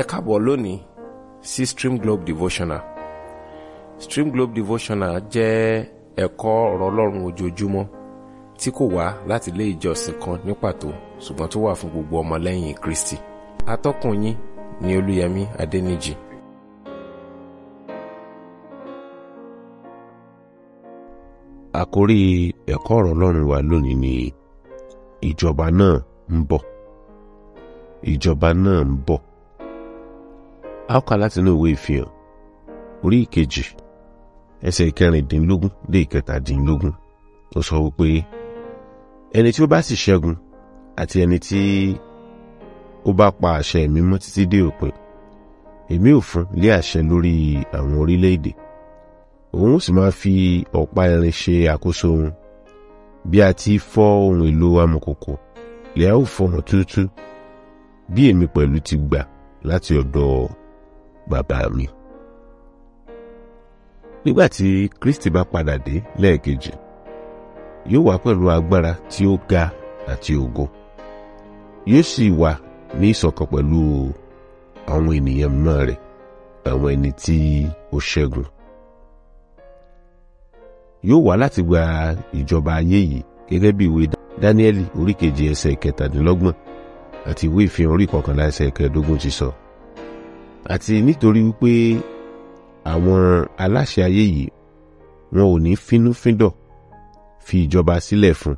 ẹ káàbọ̀ lónìí sí Stream Globe Devotional Stream Globe Devotional jẹ́ ẹ̀kọ́ ọ̀rọ̀ ọlọ́run ojoojúmọ́ tí kò wá láti ilé ìjọsìn kan ní pàtó ṣùgbọ́n tó wà fún gbogbo ọmọlẹ́yìn Kristi atọ́kùn yín ni Olúyẹmí Adẹ́nìjì. àkórí ẹ̀kọ́ ọ̀rọ̀ ọlọ́run wa lónìí ni ìjọba náà ń bọ̀ ìjọba náà ń bọ̀ a ó kà láti inú ìwé ìfihàn orí ìkejì ẹsẹ̀ ìkẹrìndínlógún dé ìkẹtàdínlógún tó sọ wípé ẹni tí ó bá sì ṣẹ́gun àti ẹni tí ó bá pa àṣẹ mi mọ́ títí dé òpin èmi ò fún lé àṣẹ lórí àwọn orílẹ̀-èdè òun ó sì máa fi ọ̀pá irin ṣe àkóso wọn bí a ti fọ́ ohun èlò amọ̀kòkò lẹ́yà ò fọ̀hàn tútú bí èmi pẹ̀lú ti gbà láti ọ̀dọ̀ bàbá mi. Nígbà tí Kristi bá padà dé lẹ́ẹ̀kejì, yóò wá pẹ̀lú agbára tí ó ga àti ògo. Yóò sì wà ní ìṣọ̀kan pẹ̀lú àwọn ènìyàn mìíràn rẹ̀, àwọn ẹni tí ó ṣẹ́gun. Yóò wá láti gba ìjọba ayé yìí gẹ́gẹ́ bí ìwé Dáníẹ́lì oríkejì ẹsẹ̀ kẹtàdínlọ́gbọ̀n àti ìwé ìfihàn orí kọkànlá ẹsẹ̀ kẹẹ̀dógún ti sọ. So àti nítorí wípé àwọn aláṣẹ ayé yìí wọn ò ní fínúfíndọ̀ fi ìjọba sílẹ̀ fún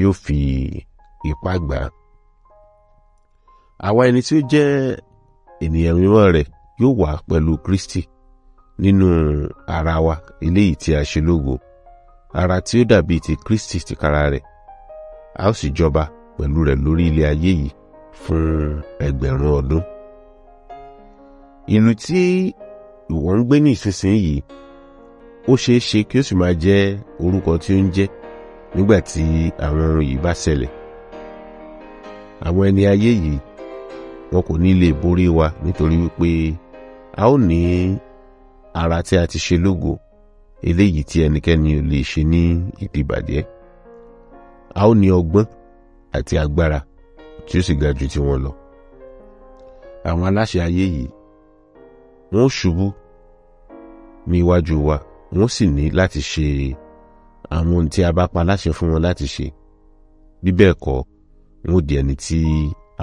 yóò fi ipá gbà á. àwa ẹni tí ó jẹ́ ènìyàn mímọ́ rẹ̀ yóò wà pẹ̀lú Kristi nínú ara wa eléyìí tí a ṣe lógo ara tí ó dàbí ti Kristi tìkára rẹ̀ a ó sì jọba pẹ̀lú rẹ̀ lórí ilé ayé yìí fún ẹgbẹ̀rún ọdún ìlú tí ìwọ ń gbé ní ìsinsìnyí ó ṣeé ṣe kí ó sì máa jẹ́ orúkọ tí ó ń jẹ́ nígbà tí àwọn ohun yìí bá ṣẹlẹ̀ àwọn ẹni ayé yìí wọn kò ní lè borí wa nítorí wípé a ó ní ara tí a ti ṣe lógo eléyìí tí ẹnikẹ́ni ò lè ṣe ní ìdìbàjẹ́ a ó ní ọgbọ́n àti agbára tí ó sì ga ju tiwọn lọ àwọn aláṣẹ ayé yìí wọ́n ṣubú ní iwájú wa wọ́n sì ní láti ṣe àwọn ohun tí a bá pa láṣẹ fún wọn láti ṣe bí bẹ́ẹ̀ kọ́ wọn ò di ẹni tí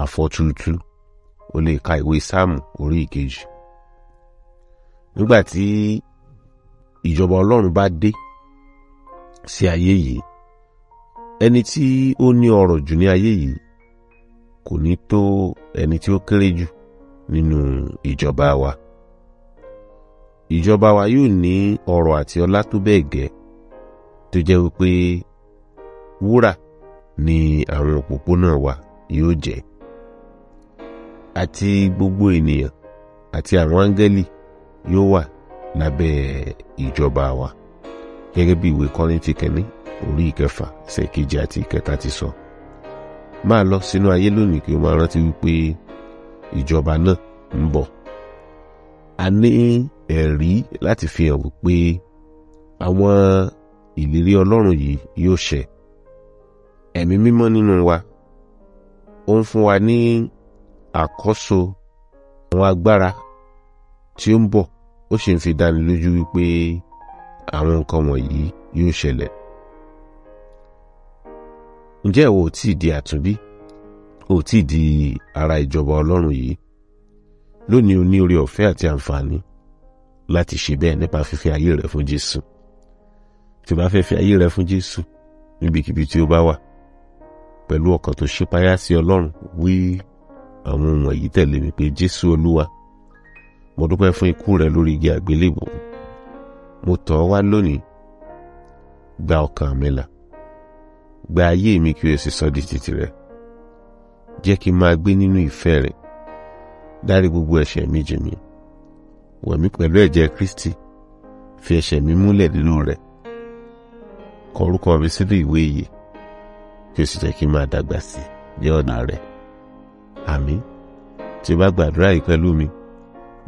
a fọ́ túrútú o lè ka ìwé sáàmù orí ìkejì nígbà tí ìjọba ọlọ́run bá dé sí ayé yìí ẹni tí ó ní ọrọ̀ jù ní ayé yìí kò ní tó ẹni tí ó kéré jù nínú ìjọba wa. ìjọba wa yóò ní ọrọ̀ àti ọlá tó bẹ́ẹ̀ gẹ́ tó jẹ́ wípé wúrà ni àwọn òpópónà wa yóò jẹ́ àti gbogbo ènìyàn àti àwọn áńgẹ́lì yóò wà lábẹ́ ìjọba wa gẹ́gẹ́ bí ìwé kọ́rìntì kẹ́ni orí ìkẹfà ṣèkejì àti ìkẹta ti sọ máa lọ sínú ayé lónìí kí o máa rántí wípé ìjọba náà ń bọ̀ a ní ẹ̀rí láti fi hàn wípé àwọn ìlérí ọlọ́run yìí yóò ṣẹ ẹ̀mí mímọ́ nínú wa ó ń fún wa ní àkọ́so àwọn agbára tí ó ń bọ̀ ó sì ń fi dáni lójú wípé àwọn nǹkan wọ̀nyí yóò ṣẹlẹ̀ ǹjẹ́ ìwọ ò tíì di àtúnbí ò tíì di ara ìjọba ọlọ́run yìí lónìí o ní oore ọ̀fẹ́ àti àǹfààní láti ṣe bẹ́ẹ̀ nípa fífi ayé rẹ fún Jésù tí o bá fẹ́ fi ayé rẹ fún Jésù níbikíbi tí o bá wà pẹ̀lú ọkàn tó ṣípayá sí Ọlọ́run wí àwọn ohun wọ̀nyí tẹ̀lé mi pé Jésù Olúwa mo dúpẹ́ fún ikú rẹ lórí igi àgbélébò mo tọ̀ ọ́ wá lónìí gba ọkàn mi là gba ayé mi kí o sì sọ di títì rẹ jẹ́ kí n máa gbé nínú ìfẹ́ rẹ dárí gbogbo ẹ̀ṣẹ̀ mi jì wẹ̀ mí pẹ̀lú ẹ̀jẹ̀ Kristi fi ẹ̀ṣẹ̀ mi múlẹ̀ nínú rẹ̀ kọ orúkọ mi sínú ìwé ìyè kí o sì jẹ́ kí n máa dàgbà sí ní ọ̀nà rẹ̀ àmín tí o bá gbàdúrà yìí pẹ̀lú mi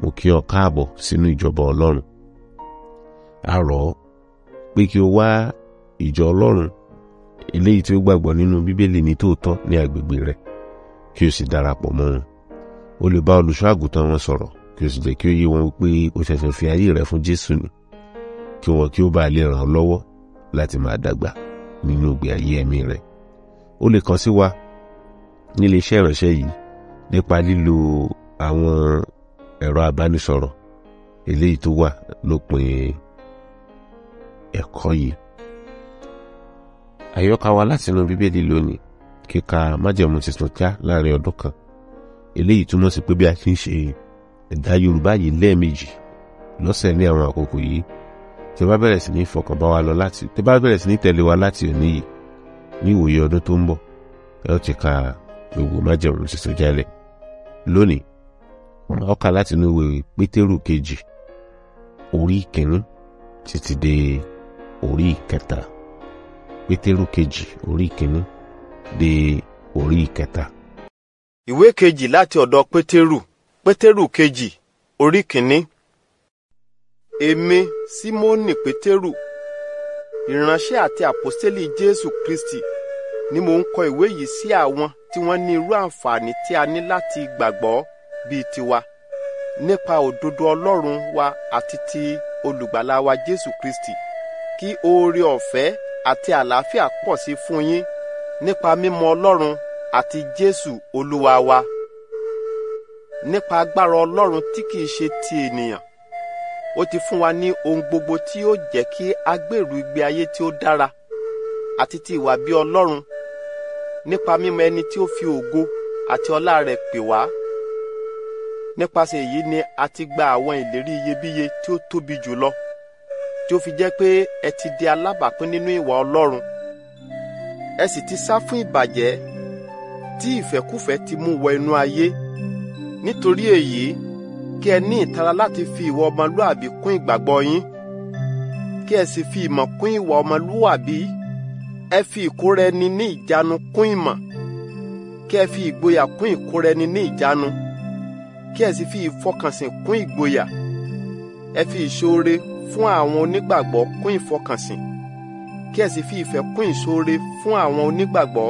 mo kí ọ káàbọ̀ sínú ìjọba Ọlọ́run a rọ̀ ọ́ pé kí o wá ìjọ Ọlọ́run eléyìí tí ó gbàgbọ́ nínú Bíbélì ní tòótọ́ ní agbègbè rẹ̀ kí o sì darapọ̀ mọ́ wọn o lè bá olùṣọ́ àgùntàn wọn sọ̀rọ̀ kí o sì jẹ́ kí ó yé wọn pé o ṣẹ̀ṣẹ̀ fi ayé rẹ fún Jésù ni kí wọn kí ó bá lè ràn ọ́ lọ́wọ́ láti máa dàgbà nínú ìgbé ayé ẹ̀mí rẹ o lè kàn sí wa nílé iṣẹ́ ìránṣẹ́ yìí nípa lílo àwọn ẹ̀rọ abánisọ̀rọ̀ eléyìí tó wà lópin ẹ̀kọ́ yìí àyọkà wa láti inú bíbélì lónìí kíka májẹ̀mú tuntun kíá láàrin ọdún kan eléyìí túmọ̀ sí pé bí a ti ń ṣe ẹ̀dá yorùbá yìí lẹ́ẹ̀mejì lọ́sẹ̀ ní àwọn àkókò yìí tẹ bá bẹ̀rẹ̀ sí ní fọkàn bá wa lọ láti tẹ bá bẹ̀rẹ̀ sí ní tẹ̀lé wa láti òní yìí ní ìwòye ọdún tó ń bọ̀ ẹ ó ti ka gbogbo májẹ̀mú tuntun jálẹ̀ lónìí ó kà láti inú ìwé pétérù kejì orí ìkíní títí dé orí ìkẹta pétérù kejì orí ìkíní dé orí ìkẹta. ìwé kejì láti ọ̀dọ̀ pétérù pétérù kejì orí kìíní. èmi símónì pétérù ìránṣẹ́ àti àpọ́sítélì jésù kristi ni mò ń kọ ìwé yìí sí àwọn tí wọ́n ní irú àǹfààní tí a ní láti gbàgbọ́ bíi tiwa nípa òdodo ọlọ́run wa àti ti olùgbàlà wa jésù kristi kí oore ọ̀fẹ́ àti àlàáfíà pọ̀ sí fún yín nípa mímọ̀ ọlọ́run àti jésù olúwa wa. wa nípa agbára ọlọ́run tí kìí ṣe ti ènìyàn ó ti fún wa ní ohun gbogbo tí ó jẹ́ kí a gbèrú ìgbé ayé tí ó dára àti ti ìwà bí ọlọ́run nípa mímọ̀ ẹni tí ó fi ògo àti ọlá rẹ̀ pè wá nípasẹ̀ èyí ni a ti gba àwọn ìlérí iyebíye tí ó tóbi jùlọ tí ó fi jẹ́ pé ẹ ti di alábàápín nínú ìwà ọlọ́run ẹ sì ti sá fún ìbàjẹ́ tí ìfẹ́kúfẹ́ ti mú wọ inú ayé nítorí èyí kí ẹ ní ìtara láti fi ìwà ọmọlúàbí kún ìgbàgbọ́ yín kí ẹ sì fi ìmọ̀ kún ìwà ọmọlúàbí ẹ fi ìkóra ẹni ní ìjánu kún ìmọ̀ kí ẹ fi ìgboyà kún ìkóra ẹni ní ìjánu kí ẹ sì fi ìfọkànsìn kún ìgboyà ẹ fi ìṣoore fún àwọn onígbàgbọ́ kún ìfọkànsìn kí ẹ sì fi ìfẹ́ kún ìṣoore fún àwọn onígbàgbọ́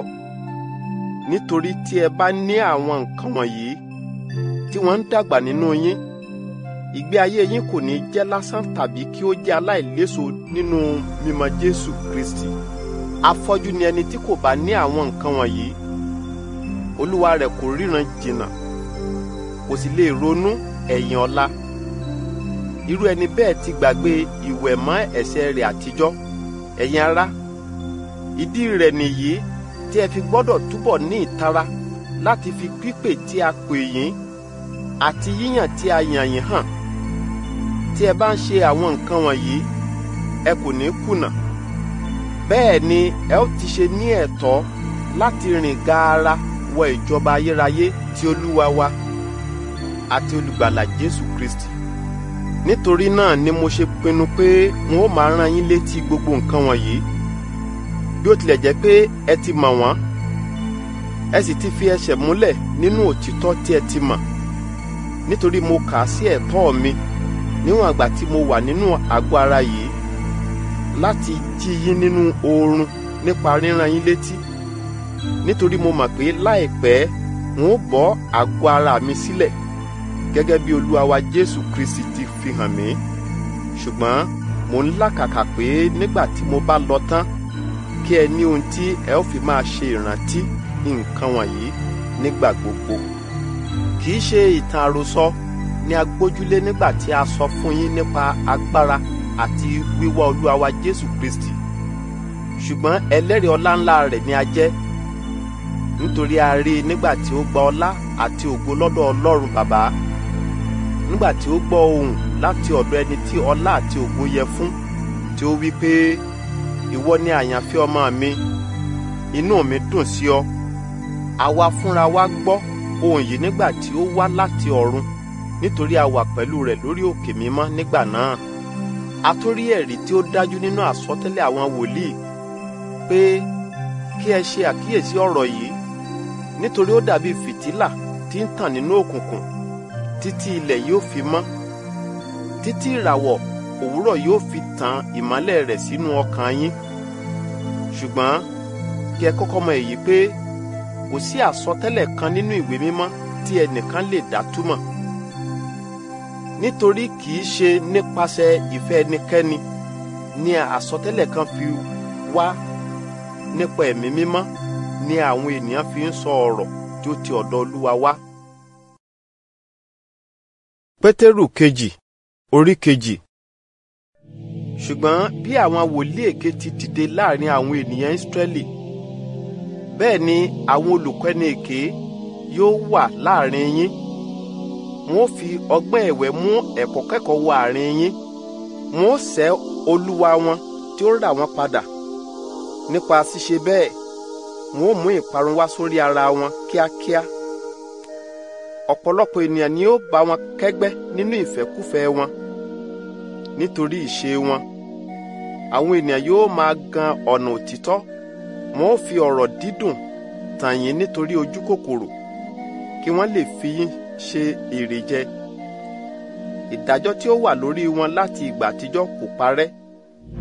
nítorí tí ẹ bá ní àwọn nǹkan wọ̀nyí tí wọ́n ń dàgbà nínú yín ìgbé ayé yín kò ní jẹ́ lásán tàbí kí ó jẹ́ aláìléso nínú mímọ̀ Jésù Kristi afọ́jú ni ẹni tí kò bá ní àwọn nǹkan wọ̀nyí olúwa rẹ̀ kò ríran jìnnà kò sì lè ronú ẹ̀yìn ọ̀la irú ẹni bẹ́ẹ̀ ti gbàgbé ìwẹ̀mọ́ ẹ̀ṣẹ̀ rẹ̀ àtijọ́ ẹ̀yin ará ìdí rẹ̀ nìyí tí ẹ fi gbọ́dọ̀ túbọ̀ ní ìtara láti fi pípè tí a pè yín àti yíyàn tí a yàn yín hàn tí ẹ bá ń ṣe àwọn nǹkan wọ̀nyí ẹ kò ní kùnà bẹ́ẹ̀ ni ẹ ó ti ṣe ní ẹ̀tọ́ láti rìn gaara wọ ìjọba ayérayé tí olúwa wa àti olùgbàlà Jésù Kristi nítorí náà ni mo ṣe pinnu pé n ó máa rán yín létí gbogbo nǹkan wọ̀nyí bí ó tilẹ̀ jẹ́ pé ẹ ti mọ̀ wọ́n ẹ sì ti fi ẹsẹ̀ múlẹ̀ nínú òtítọ́ tí ẹ ti mọ̀ nítorí mo kà á sí ẹ̀tọ́ mi níwọ̀n àgbà tí mo wà nínú àgọ́ ara yìí láti jí yín nínú oorun nípa rírán yín létí nítorí mo mọ̀ pé láìpẹ́ n ó bọ́ àgọ́ ara mi sílẹ̀ gẹ́gẹ́ bí olúwa wa jésù kristi ti fi hàn mí ṣùgbọ́n mo ń làkàkà pé nígbà tí mo bá lọ tán kí ẹ ní ohun tí ẹ ó fi máa ṣe ìrántí nǹkan wọ̀nyí nígbà gbogbo kì í ṣe ìtàn àròsọ ni a gbójúlé nígbà tí a sọ fún yín nípa agbára àti wíwá olúwa wa jésù kristi ṣùgbọ́n ẹlẹ́rìí ọlá ńlá rẹ̀ ni a jẹ́ nítorí a rí i nígbà tí ó gba ọlá àti ògo lọ́dọ̀ ọlọ́run bàbá nígbà tí ó gbọ́ ohùn láti ọ̀dọ̀ ẹni tí ọlá àti ògo yẹ fún tí ó wí pé ìwọ ni àyànfẹ́ ọmọ mi inú mi dùn sí ọ àwa fúnra wa gbọ́ ohun yìí nígbà tí ó wá láti ọ̀run nítorí a wà pẹ̀lú rẹ̀ lórí òkè mímọ́ nígbà náà a tún rí ẹ̀rí tí ó dájú nínú àsọtẹ́lẹ̀ àwọn wòlíì pé kí ẹ ṣe àkíyèsí ọ̀rọ̀ yìí nítorí ó dàbí fìtílà tí ń tàn nínú òkùnkùn títí ilẹ̀ yóò fi mọ́ títí ìràwọ̀ òwúrọ̀ yóò fi tan ìmọ́lẹ̀ rẹ̀ sínú ọkàn yín ṣùgbọ́n kí ẹ kọ́kọ́ mọ èyí pé kò sí àsọtẹ́lẹ̀ kan nínú ìwé mímọ́ tí ẹnìkan lè dá túmọ̀ nítorí kì í ṣe nípasẹ̀ ìfẹ́ ẹnikẹ́ni ni àsọtẹ́lẹ̀ kan fi wá nípa ẹ̀mí mímọ́ ni àwọn ènìyàn fi ń sọ ọ̀rọ̀ tí ó ti ọ̀dọ̀ Olúwa wá. Pétérù kejì orí kejì ṣùgbọ́n bí àwọn wòlíì èké ti dìde láàrin àwọn ènìyàn Ísírẹ́lì bẹ́ẹ̀ ni àwọn olùkọ́ni èké yóò wà láàrin yín wọn ó fi ọgbọ́n ẹ̀wẹ́ mú ẹ̀kọ́ kẹ́kọ̀ọ́ wọ àárín yín wọn ó sẹ́ olúwa wọn tí ó rà wọ́n padà nípa ṣíṣe bẹ́ẹ̀ wọn ó mú ìparun wá sórí ara wọn kíákíá ọ̀pọ̀lọpọ̀ ènìyàn ni ó bá wọn kẹ́gbẹ́ nínú ìfẹ́kúfẹ́ wọn nítorí ìṣe wọn àwọn ènìyàn yóò máa gan ọ̀nà òtítọ́ wọn ó fi ọ̀rọ̀ dídùn tàn yín nítorí ojú kòkòrò kí wọ́n lè fi yín ṣe èrè jẹ ìdájọ́ tí ó wà lórí wọn láti ìgbà àtijọ́ kò parẹ́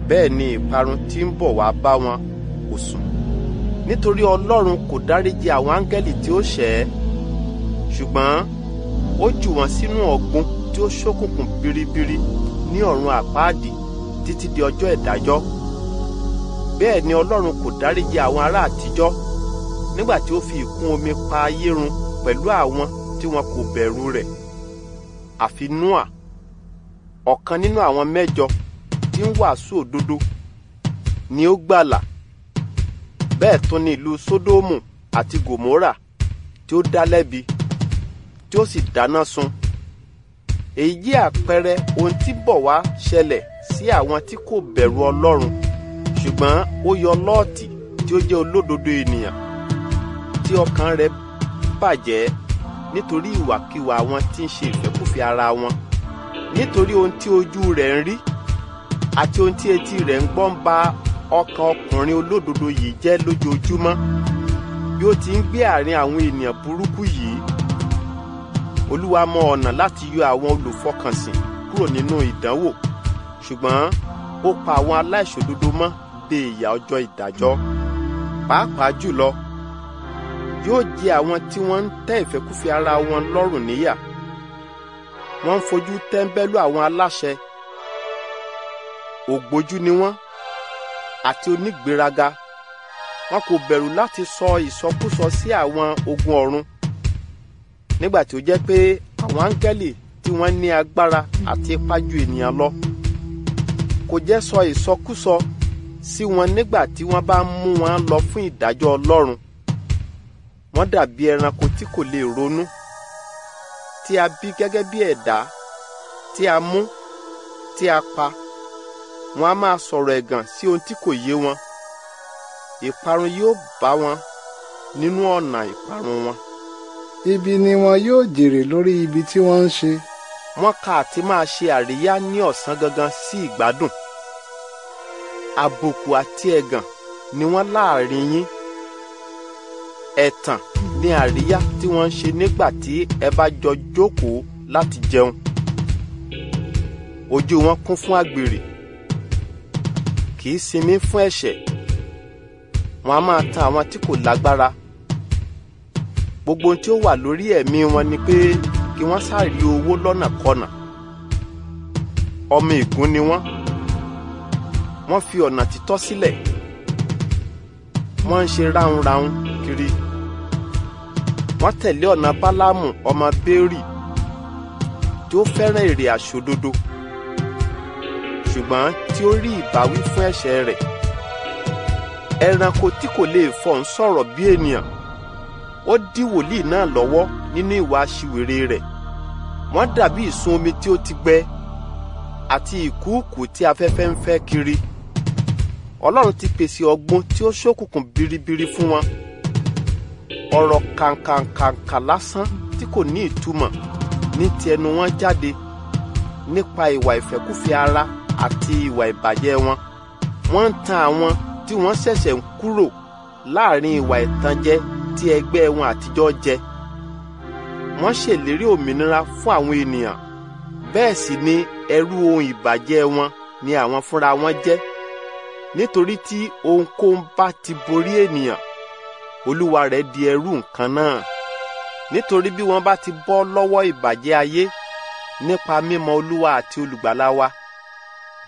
bẹ́ẹ̀ ni ìparun tí ń bọ̀ wá bá wọn kò sùn nítorí Ọlọ́run kò dáríji àwọn áńgẹ́lì tí ó ṣẹ̀ ẹ́ ṣùgbọ́n ó jù wọ́n sínú ọ̀gbun tí ó ṣókùnkùn biribiri ní ọ̀run àpáàdì títí di ọjọ́ ìdájọ́. E bẹ́ẹ̀ ni ọlọ́run kò dáríjì àwọn ará àtijọ́ nígbà tí ó fi ìkún omi pa ayé run pẹ̀lú àwọn tí wọn kò bẹ̀rù rẹ̀ àfi noa ọ̀kan nínú àwọn mẹ́jọ tí ń wàásù òdodo ni ó gbàlà bẹ́ẹ̀ tún ni ìlú sódómù àti gòmórà tí ó dá lẹ́bi tí ó sì dáná sun èyí jẹ́ àpẹẹrẹ ohun tí bọ̀ wá ṣẹlẹ̀ sí àwọn tí kò bẹ̀rù ọlọ́run ṣùgbọ́n ó yọ lọ́ọ̀tì tí ó jẹ́ olódodo ènìyàn tí ọkàn rẹ̀ bàjẹ́ nítorí ìwàkiwà wọn tí ń ṣe ìfẹ́kùfẹ́ ara wọn nítorí ohun tí ojú rẹ̀ ń rí àti ohun tí etí rẹ̀ ń gbọ́ ń ba ọkàn ọkùnrin olódodo yìí jẹ́ lójoojúmọ́ bí ó ti ń gbé àárín àwọn ènìyàn burúkú yìí olúwa mọ ọ̀nà láti yọ àwọn olùfọkànsìn kúrò nínú ìdánwò ṣùgbọ́n ó pa àwọn aláìṣòdodo mọ́ de ìyà ọjọ́ ìdájọ́ pàápàá jùlọ yóò jẹ àwọn tí wọ́n ń tẹ́ ìfẹ́kúfẹ̀ẹ́ ara wọn lọ́rùn níyà wọ́n ń fojú tẹ́ńbẹ́lú àwọn aláṣẹ ògbójú ni wọ́n àti onígbéraga wọn kò bẹ̀rù láti sọ ìsọkúsọ sí àwọn ogun ọ̀run nígbà tí ó jẹ́ pé àwọn áńgẹ́lì tí wọ́n ní agbára àti ipá ju ènìyàn lọ kò jẹ́ sọ ìsọkúsọ. So sí wọn nígbà tí wọ́n bá mú wọn lọ fún ìdájọ́ Ọlọ́run wọ́n dàbí ẹranko tí kò lè ronú tí a bí gẹ́gẹ́ bí ẹ̀dá tí a mú tí a pa wọ́n á máa sọ̀rọ̀ ẹ̀gàn sí ohun tí kò yé wọn ìparun yóò bá wọn nínú ọ̀nà ìparun wọn. ibi ni wọn yóò jèrè lórí ibi tí wọ́n ń ṣe. wọ́n kà á ti máa ṣe àríyá ní ọ̀sán gangan sí ìgbádùn àbùkù àti ẹ̀gàn ni wọ́n láàrin yín ẹ̀tàn ní àríyá tí wọ́n ń ṣe nígbà tí ẹ bá jọ jókòó láti jẹun ojú wọn kún fún àgbèrè kì í sinmi fún ẹ̀ṣẹ̀ wọn a máa tan àwọn tí kò lágbára gbogbo ohun tí ó wà lórí ẹ̀mí wọn ni pé kí wọ́n sáré owó lọ́nàkọnà ọmọ ìgún ni wọ́n wọ́n fi ọ̀nà títọ́ sílẹ̀ wọ́n ń ṣe ráhùnráhùn kiri wọ́n tẹ̀lé ọ̀nà bálámù ọmọ bẹ́ẹ̀rì tí ó fẹ́ràn èrè àṣòdodo ṣùgbọ́n tí ó rí ìbáwí fún ẹ̀ṣẹ̀ rẹ̀ ẹranko tí kò lè fọ̀ ń sọ̀rọ̀ bí ènìyàn ó dí wòlíì náà lọ́wọ́ nínú ìwà aṣiwèrè rẹ̀ wọ́n dàbí ìsun omi tí ó ti gbẹ àti ìkúùkù tí afẹ́fẹ́ ń fẹ́ kiri ọlọ́run ti pèsè ọgbọ́n tí ó ṣókùnkùn biribiri fún wọn ọ̀rọ̀ kàǹkàǹkàǹkà lásán tí kò ní ìtumọ̀ ní ti ẹnu wọn jáde nípa ìwà ìfẹ́kúfẹ̀ẹ́ ara àti ìwà ìbàjẹ́ wọn wọ́n ń tan àwọn tí wọ́n ṣẹ̀ṣẹ̀ ń kúrò láàrin ìwà ìtànjẹ tí ẹgbẹ́ wọn àtijọ́ jẹ wọ́n ṣèlérí òmìnira fún àwọn ènìyàn bẹ́ẹ̀ sì ni ẹrú ohun ìbàjẹ́ wọn ni àwọn fúnra wọn jẹ́ nítorí tí ohunkóhun bá ti borí ènìyàn olúwa rẹ̀ di ẹrú nǹkan náà nítorí bí wọ́n bá ti bọ́ lọ́wọ́ ìbàjẹ́ ayé nípa mímọ̀ olúwa àti olùgbàlà wa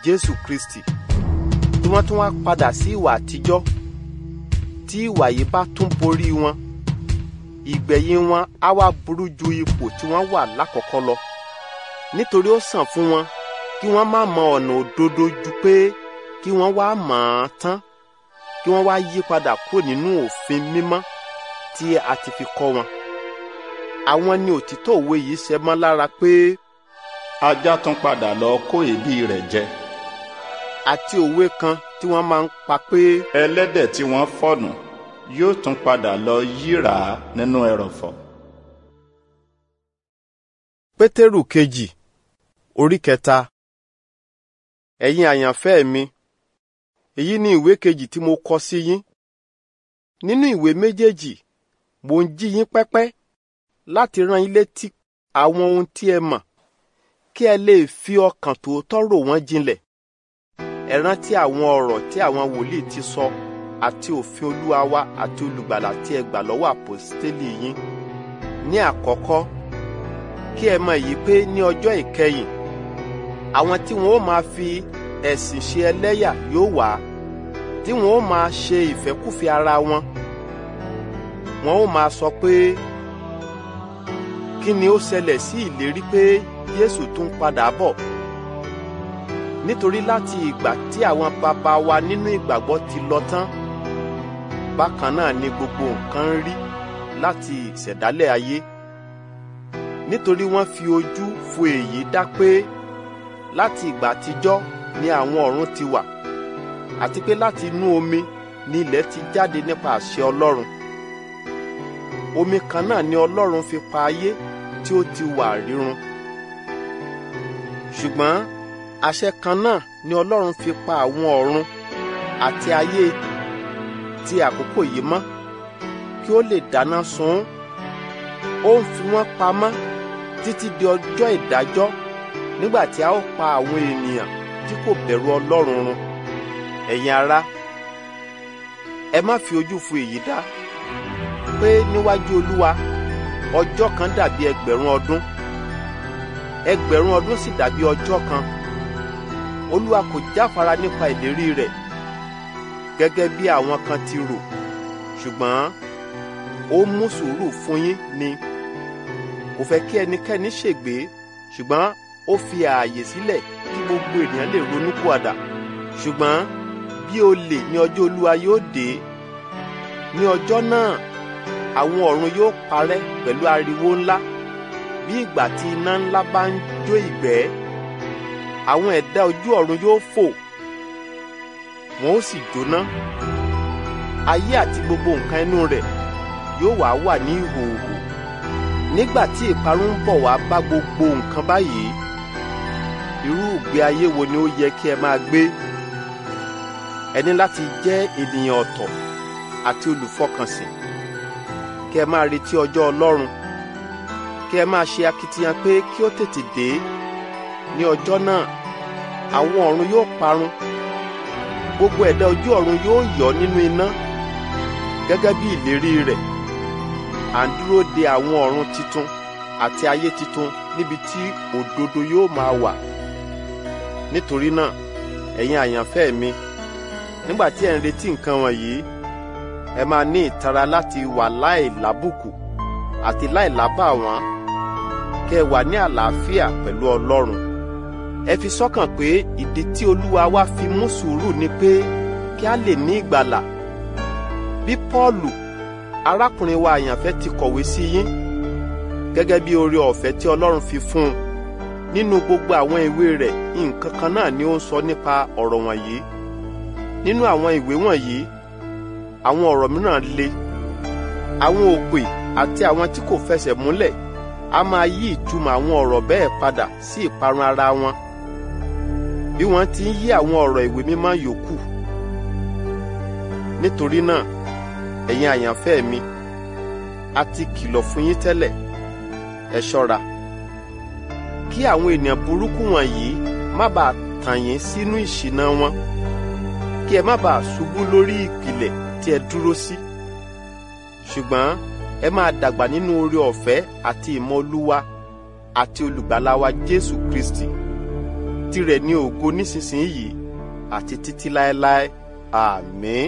jésù kristi tí wọ́n tún wá padà sí ìwà àtijọ́ tí ìwà yìí bá tún borí wọn ìgbẹ̀yìn wọn á wá burú ju ipò tí wọ́n wà lákọ̀ọ́kọ́ lọ nítorí ó sàn fún wọn kí wọ́n má mọ̀ ọ̀nà òdodo ju pé kí wọ́n wá mọ̀ ọ́n tán kí wọ́n wá yí padà kúrò nínú òfin mímọ́ tí a ti fi kọ́ wọn. àwọn ni òtítọ́ òwe yìí ṣe mọ́ lára pé. ajá tún padà lọ kó èébì rẹ̀ jẹ. àti òwe kan tí wọ́n máa ń pa pé. ẹlẹ́dẹ̀ tí wọ́n fọ̀nù yóò tún padà lọ yíra nínú ẹrọ̀fọ̀. pétérù kejì orí kẹta ẹ̀yin àyànfẹ́ mi èyí ni ìwé kejì tí mo kọ sí yín nínú ìwé méjèèjì mo ń jí yín pẹ́pẹ́ láti rán yín létí àwọn ohun tí ẹ mọ̀ kí ẹ lè fi ọkàn tòótọ́ rò wọ́n jinlẹ̀ ẹ rántí àwọn ọ̀rọ̀ tí àwọn wòlíì ti sọ àti òfin olúwa wa àti olùgbàlà tí ẹ gbà lọ́wọ́ àpòstélì yín ní àkọ́kọ́ kí ẹ mọ̀ yìí pé ní ọjọ́ ìkẹyìn àwọn tí wọn ó máa fi ẹ̀sìn ṣe ẹlẹ́yà yóò wá tí wọn ó máa ṣe ìfẹ́kúfẹ̀ẹ́ ara wọn wọn ó máa sọ pé kí ni ó ṣẹlẹ̀ sí ìlérí pé Jésù tún padà bọ̀ nítorí láti ìgbà tí àwọn bàbá wa nínú ìgbàgbọ́ ti lọ tán bákan náà ni gbogbo nǹkan ń rí láti ìṣẹ̀dálẹ̀ ayé nítorí wọ́n fi ojú fo èyí dá pé láti ìgbà àtijọ́ ni àwọn ọ̀run ti wà àti pé láti inú omi ni ilẹ̀ ti jáde nípa àṣẹ Ọlọ́run omi kan náà ni Ọlọ́run fi pa ayé tí ó ti wà rírun ṣùgbọ́n àṣẹ kan náà ni Ọlọ́run fi pa àwọn ọ̀run àti ayé ti àkókò yìí mọ́ kí ó lè dáná sun ó ń fi wọ́n pamọ́ títí di ọjọ́ ìdájọ́ nígbà tí a ó pa àwọn ènìyàn tí kò bẹ̀rù ọlọ́run run ẹ̀yin ará ẹ má fi ojú fo èyí dá pé níwájú olúwa ọjọ́ kan dàbí ẹgbẹ̀rún ọdún ẹgbẹ̀rún ọdún sì dàbí ọjọ́ kan olúwa kò jáfara nípa ìlérí rẹ̀ gẹ́gẹ́ bí àwọn kan ti rò ṣùgbọ́n ó mú sùúrù fún yín ni kò fẹ́ kí ẹnikẹ́ni ṣègbé ṣùgbọ́n ó fi ààyè sílẹ̀ si kí gbogbo ènìyàn lè ronúpìwàdà ṣùgbọ́n bí olè ní ọjọ́ olúwa yóò dé ní ọjọ́ náà àwọn ọ̀run yóò parẹ́ pẹ̀lú ariwo ńlá bí ìgbà tí iná ńlá bá ń jó ìgbẹ́ àwọn ẹ̀dá ojú ọ̀run yóò fò wọn ó sì jóná ayé àti gbogbo nǹkan inú rẹ̀ yóò wá wà ní ìhòòhò nígbà tí ìparun ń bọ̀ wá bá gbogbo nǹkan báyìí ìgbé ayé wo ni ó yẹ kí ẹ máa gbé ẹ ní láti jẹ́ ènìyàn ọ̀tọ̀ àti olùfọkànsìn kí ẹ máa retí ọjọ́ Ọlọ́run kí ẹ máa ṣe akitiyan pé kí ó tètè dé ní ọjọ́ náà àwọn ọ̀run yóò parun gbogbo ẹ̀dá ojú ọ̀run yóò yọ̀ nínú iná gẹ́gẹ́ bí ìlérí rẹ̀ à ń dúró de àwọn ọ̀run titun àti ayé titun níbi tí òdodo yóò máa wà nítorí náà ẹ̀yin àyànfẹ́ mi nígbà tí ẹ̀ ń retí nǹkan wọ̀nyí ẹ máa ní ìtara láti wà láì lábùkù àti láì lábàwọ́n kẹ wà ní àlàáfíà pẹ̀lú Ọlọ́run ẹ fi sọ́kàn pé ìdí tí Olúwa wa fi mú sùúrù ni pé kí a lè ní ìgbàlà bí Pọ́ọ̀lù arákùnrin wa àyànfẹ́ ti kọ̀wé sí yín gẹ́gẹ́ bí oore ọ̀fẹ́ tí Ọlọ́run fi fún un nínú gbogbo àwọn ìwé rẹ̀ nǹkan kan náà ni ó ń sọ nípa ọ̀rọ̀ wọ̀nyí nínú àwọn ìwé wọ̀nyí àwọn ọ̀rọ̀ mìíràn le àwọn òpè àti àwọn tí kò fẹsẹ̀ múlẹ̀ a máa yí ìtumọ̀ àwọn ọ̀rọ̀ bẹ́ẹ̀ padà sí ìparun ara wọn bí wọ́n ti ń yí àwọn ọ̀rọ̀ ìwé mímọ́ yòókù nítorí náà ẹ̀yin àyànfẹ́ mi a ti kìlọ̀ fún yín tẹ́lẹ̀ ẹ ṣọ́ra. E kí àwọn ènìyàn burúkú wọ̀nyí má bàa tàn yín sínú ìṣìnà wọn kí ẹ má bàa ṣubú lórí ìpìlẹ̀ tí ẹ dúró sí ṣùgbọ́n ẹ máa dàgbà nínú oore ọ̀fẹ́ àti ìmọ̀ Olúwa àti olùgbàlà Jésù Kristi tirẹ̀ ni ògo nísinsìnyí àti títí láéláé àmín.